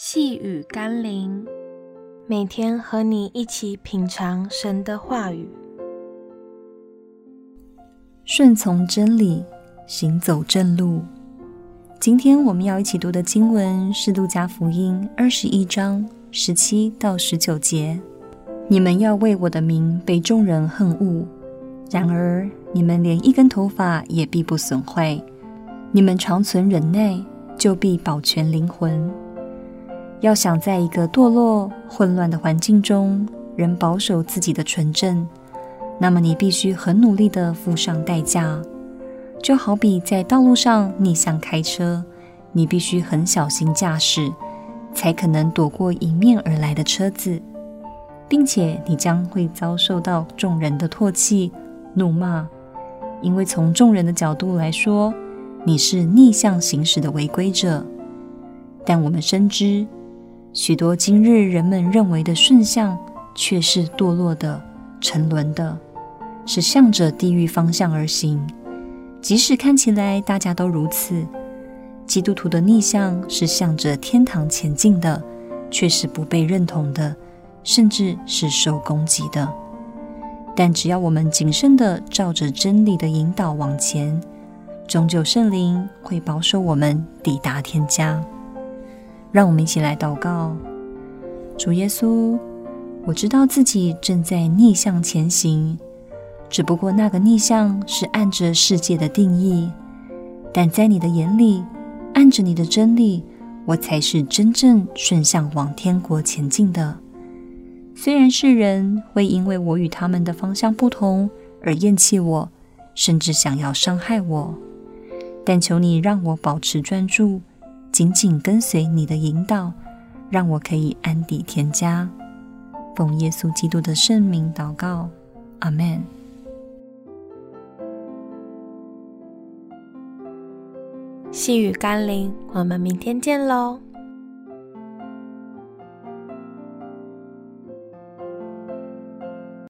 細語甘霖，每天和你一起品嘗神的話語，順從真理，行走正路。今天我們要一起讀的經文是《路加福音》二十一章十七到十九節。你們要為我的名被眾人恨惡，然而你們連一根頭髮也必不損壞。你們常存忍耐，就必保全靈魂。要想在一個墮落、混亂的環境中，仍保守自己的純正，那麼你必須很努力的付上代價。就好比在道路上逆向開車，你必須很小心駕駛，才可能躲過迎面而來的車子，並且你將會遭受到眾人的唾棄、怒罵，因為從眾人的角度來說，你是逆向行駛的違規者。但我們深知，許多今日人們認為的順向，卻是墮落的、沉淪的，是向着地獄方向而行。即使看起來大家都如此，基督徒的逆向是向着天堂前進的，卻是不被認同的，甚至是受攻擊的。但只要我們謹慎地照着真理的引導往前，終究聖靈會保守我們抵達天家。讓我們一起來禱告，主耶穌，我知道自己正在逆向前行，只不過那個逆向是按着世界的定義，但在你的眼裡，按着你的真理，我才是真正順向往天國前進的。雖然世人會因為我與他們的方向不同而厭棄我，甚至想要傷害我，但求你讓我保持專注，緊緊跟隨你的引導，讓我可以安抵天家。奉耶穌基督的聖名禱告，阿們。細語甘霖，我們明天見嘍。